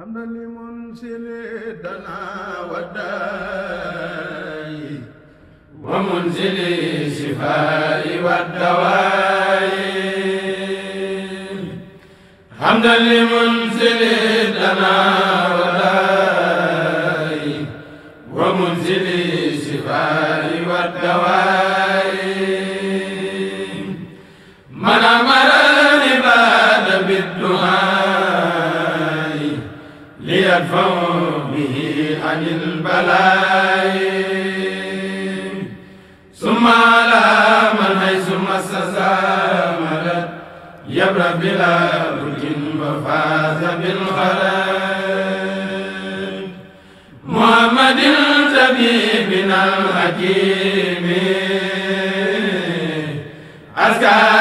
حمدا لمنسل دنا والداء ومنزل الشفاء والدواء حمدا لمنزل دنا والداء ومنزل الشفاء والدواء يدفع به عن البلاء ثم على من حيث مسس ملت يبرى بلا برد وفاز بالخلاء محمد طبيبنا الحكيم أزكى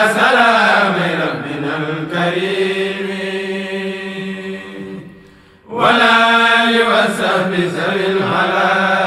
من هلاك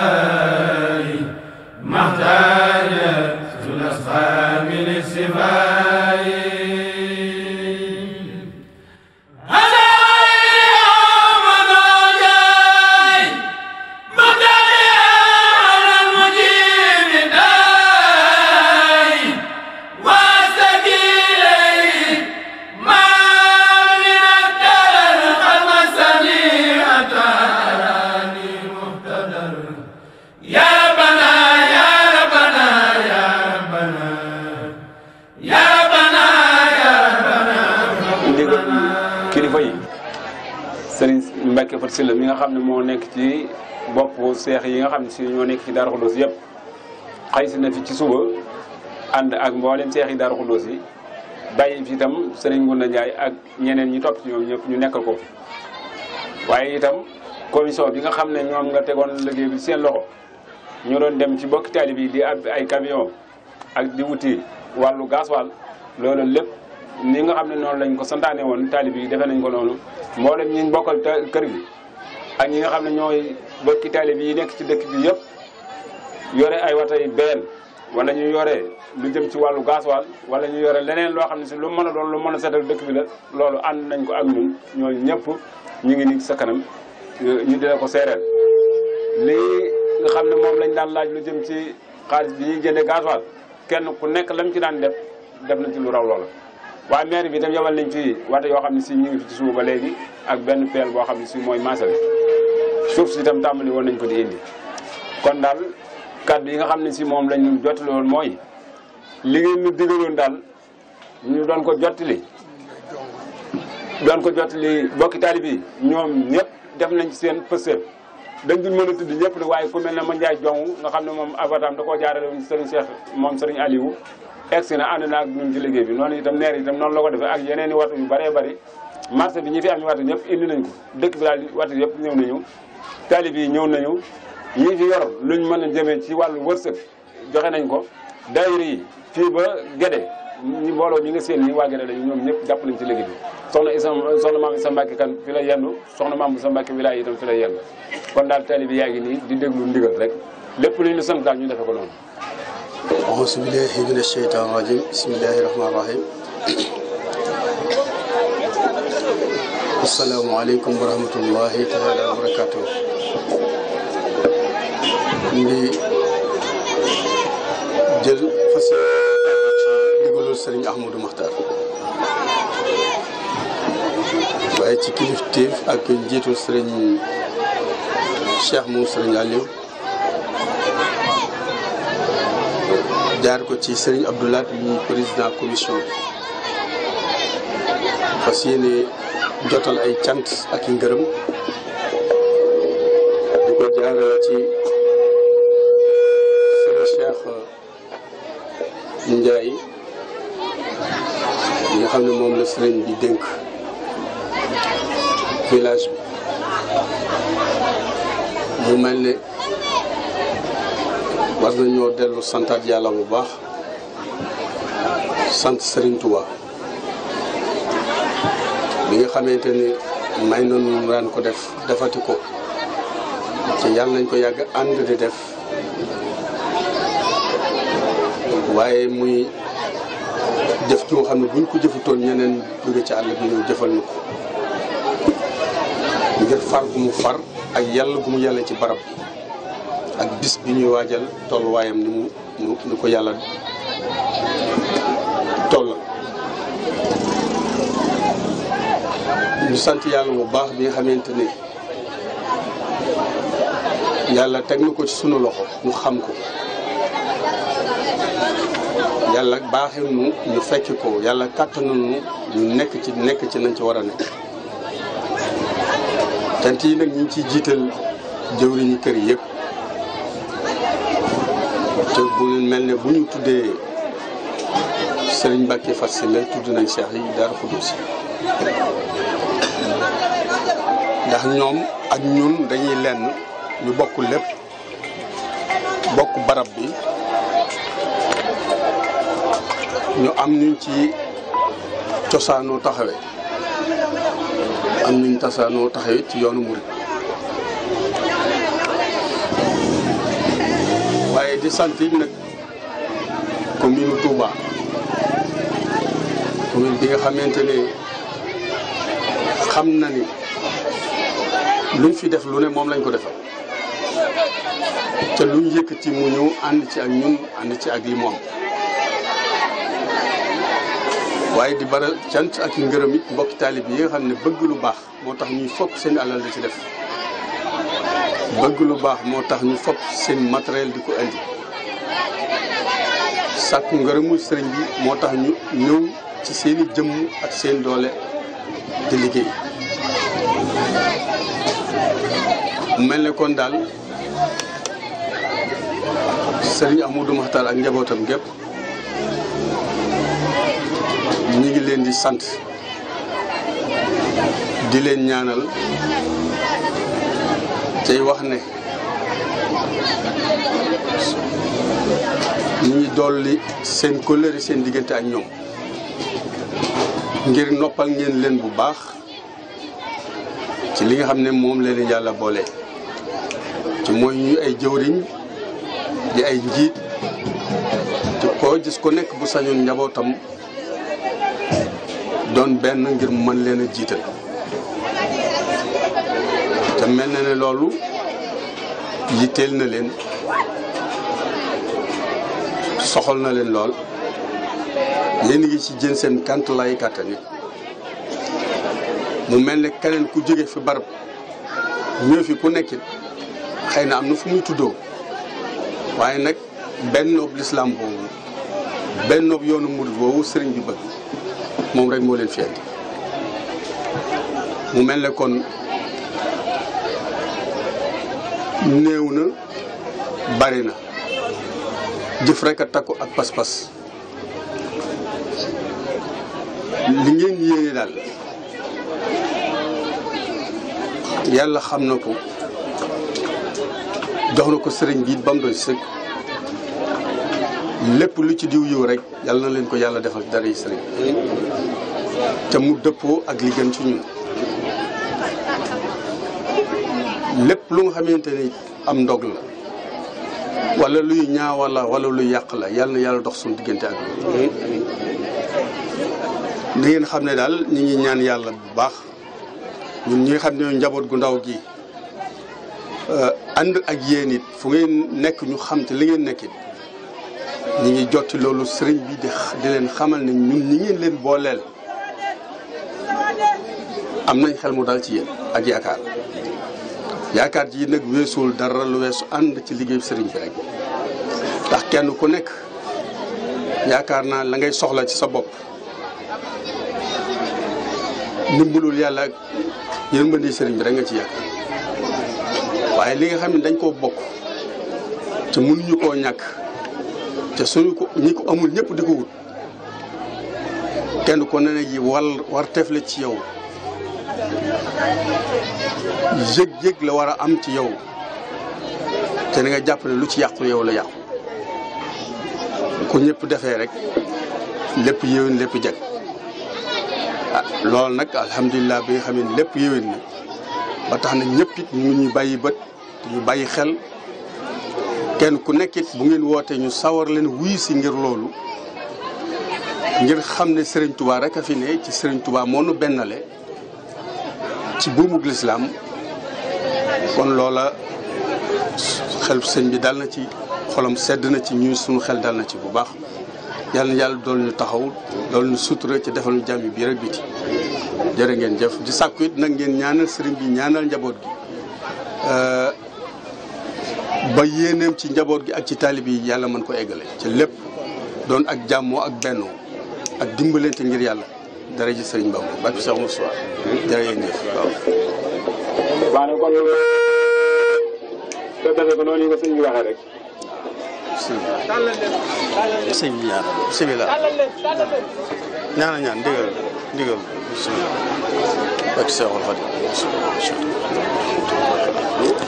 Serigne Mbacke Fat Sylla mi nga xam ne moo nekk ci boppu seex yi nga xam ne si ñoo nekk ci Darou Khoudoss yëpp xëy na fi ci suba ànd ak mboolem seex yi Darou yi bàyyi fi itam Serigne na Ndiaye ak ñeneen ñi topp ci ñu nekkal ko waaye itam commission bi nga xam ne ñoom nga tegoon liggéey bi seen loxo ñu doon dem ci bokk taalib yi di ab ay camion ak di wuti wàllu gasoil loolu lépp ni nga xam ne noonu lañ ko santaane woon taalib yi defee nañ ko noonu mboolem ñi ñu bokkal kër gi ak ñi nga xam ne ñooy bokki taalib yi nekk ci dëkk bi yëpp yore ay watay beel wala ñu yore lu jëm ci wàllu gasoil wala ñu yore leneen loo xam ne si lu mën a doon lu mën a setal dëkk bi la loolu ànd nañ ko ak ñun ñooñu ñëpp ñu ngi nii sa kanam ñu di ko seereel lii nga xam ne moom lañ daan laaj lu jëm ci xaalis bi ñuy jëndee gasoil kenn ku nekk lam ci daan def def na ci lu raw loola waa maire bi tam yabal nañ fi wate yoo xam ne si ñu ngi fi ba léegi ak benn peel boo xam ne si mooy maasale suuf si tam tàmbali woon nañ ko di indi kon daal kàddu yi nga xam ne si moom lañu jottali mooy li ngeen ñu digaloon daal ñu doon ko jottali doon ko jottali bokki taalib bi ñoom ñëpp def nañ ci seen pësër dañ dul mën a tudd ñëpp nag waaye ku na ne ma Njaay Jong nga xam ne moom avatam da koo jaarale woon Serigne moom Serigne Aliou egsi na ànd na ak ñun ci liggéey bi noonu itam maire itam noonu la ko defee ak yeneen i watu yu bëree bëri marché bi ñi fi am ñu watu ñëpp indi nañ ko dëkk bi daal watu yëpp ñëw nañu taalib ñëw nañu ñi fi yor ñu mën a jëmee ci wàllu wërsëg joxe nañ ko daayira yi fii ba Gédé ñi mbooloo ñi nga seen ñi waa Gédé lañu ñoom ñëpp jàpp nañ ci liggéey bi soxna isa soxna maam isa Mbàkke kan fi la yendu soxna maam bu sa Mbàkke wilaay itam fi la yendu kon daal taalib yi yaa ngi nii di déglu ndigal rek lépp lu ñu sant daal ñu defe ko noonu auzu billahi min asheytaan rajim bismillahi rahmaan rahim asalaamaaleykum wa rahmatullahi taala wa barakaatu ndi jël fas ndigalul sëriñ Ahmadou Makhtar waaye ci kilifteef ak njiitul sëriñ Cheikh moom sëriñ Aliou jaar ko ci Serigne Abdoulaye muy président commission bi fas yéene jotal ay cant ak i ngërëm di ko jaarale ci Serigne Cheikh yi nga xam ne moom la Serigne i dénk village bi mu mel war nañoo dellu santaat yàlla bu baax sant Serigne Touba bi nga xamante ni may na nu daan ko def defati ko ci yàlla nañ ko yàgg ànd di def waaye muy jëf joo xam ne buñ ko jëfutoon ñeneen jóge ci àll bi ñëw jëfal ñu ko ngir far gu mu far ak yàlla gu mu yàlla ci barab ak bis bi ñuy waajal tolluwaayam ni mu ni ko yàlla toll ñu sant yàlla bu baax bi nga xamante ni yàlla teg na ko ci sunu loxo ñu xam ko yàlla baaxee nu ñu fekk ko yàlla kàttanu nu ñu nekk ci nekk ci nañ ci war a nekk tant yi nag ñu ci ciy jiital jëwriñu kër yëpp te mel ne bu ñu tuddee Serigne Mbacke Faty Sylla tudd nañ seex yi Darou Khoudoss ndax ñoom ak ñun dañuy lenn ñu bokk lépp bokk barab bi ñu am ñu ci cosaanoo taxawee am ñu tasaanoo taxawee ci yoonu murid di sant yi nag commune Touba commune bi nga xamante ne xam na ni luñ fi def lu ne moom lañ ko defal te luñ yëkkati mu ñëw ànd ci ak ñun ànd ci ak li moom waaye di bara cant ak ngërëm it mbokki taalib yi nga xam ne bëgg lu baax moo tax ñuy fopp seen alal di ci def bëgg lu baax moo tax ñu fopp seen matériel di ko indi sàkk ngërëmul sëriñ bi moo tax ñu ñëw ci seeni jëmm ak seen doole di liggéey mel ne kon daal sëriñ Amadou Mahtar ak njabootam gépp ñu ngi leen di sant di leen ñaanal tey wax ne ñuy dolli seen kóllëre seen diggante ak ñoom ngir noppal ngeen leen bu baax ci li nga xam ne moom leen yàlla boole ci mooy ñuy ay jëwriñ di ay njiit te ko gis ko nekk bu sañoon njabootam doon benn ngir mën leen a jiital te mel na ne loolu yitteel na leen soxal na leen lool yéen ngi ci jën seen kant lay mu mel ne keneen ku jóge fi barab ñëw fi ku nekkit xëy na am na fu muy tuddoo waaye nag benn nob lislaam boobu benn nob yoonu murid boobu sëriñ bi bëgg moom rek moo leen fi andi mu mel ne kon néew na bari na jëf rek a takku ak pas-pas li ngeen yéene daal yàlla xam na ko dox na ko sëriñ bi ba mu doy sëkk lépp lu ci diw yiw rek yàlla na leen ko yàlla defal dara yi sëriñ te mu dëppoo ak li gën ci lépp lu nga xamante ni am ndog la wala luy ñaawa la wala luy yàq la yàlla na yàlla dox suñu diggante ak di ngeen xam ne daal ñu ngi ñaan yàlla bu baax ñun ñi xam ne njaboot gu ndaw gi ànd ak yéen fu ngeen nekk ñu xam ci li ngeen nekk it ñu ngi jotti loolu sëriñ bi di leen xamal ni ñu ñi ngeen leen booleel am nañ xel mu daal ci yéen ak yaakaar. yaakaar ji nag weesuwul dara lu su ànd ci liggéey sëriñ bi rek ndax kenn ku nekk yaakaar naa la ngay soxla ci sa bopp ndimbalul yàlla ak ni sëriñ bi rek nga ci yaakaar waaye li nga xam ne dañ koo bokk te mënuñu koo ñàkk te suñu ko ñi ko amul ñëpp di ko wut kenn ku ne yi wal war teef ci yow yëg-yëg la war a am ci yow te na nga jàpp ne lu ci yàqu yow la yàqu ku ñëpp defee rekk lépp yéwén lépp jag ah loolu nag alhamdulilah bi nga xam ne lépp yéwén na ba tax na ñëpp it ñu bàyyi bët ñu bàyyi xel kenn ku nekk bu ngeen wootee ñu sawar leen wuy si ngir loolu ngir xam ne sëriñ tubaa rek a fi ne ci sëriñ Touba moo nu bennale ci buumug lislaam kon loola xel sëñ bi daal na ci xolam sedd na ci ñun suñu xel daal na ci bu baax yàlla na dool ñu taxaw dool ñu sutura ci defal ñu jàmm bi biir biti jërë ngeen jëf ci sàkku it nag ngeen ñaanal sëriñ bi ñaanal njaboot gi ba yéeneem ci njaboot gi ak ci taalib yi yàlla mën ko eggale ci lépp doon ak jàmmoo ak bennoo ak dimbalante ngir yàlla dara ji sëriñ Bamba bàkki Cheikh Moussa dara yéen jëf waaw. baax na kon te defee ko noonu ñu ko sëñ bi waxee rek. sëñ bi ñaan bisimilah ñaan a ñaan ndigal ndigal bisimilah bàkki Cheikhul Khadim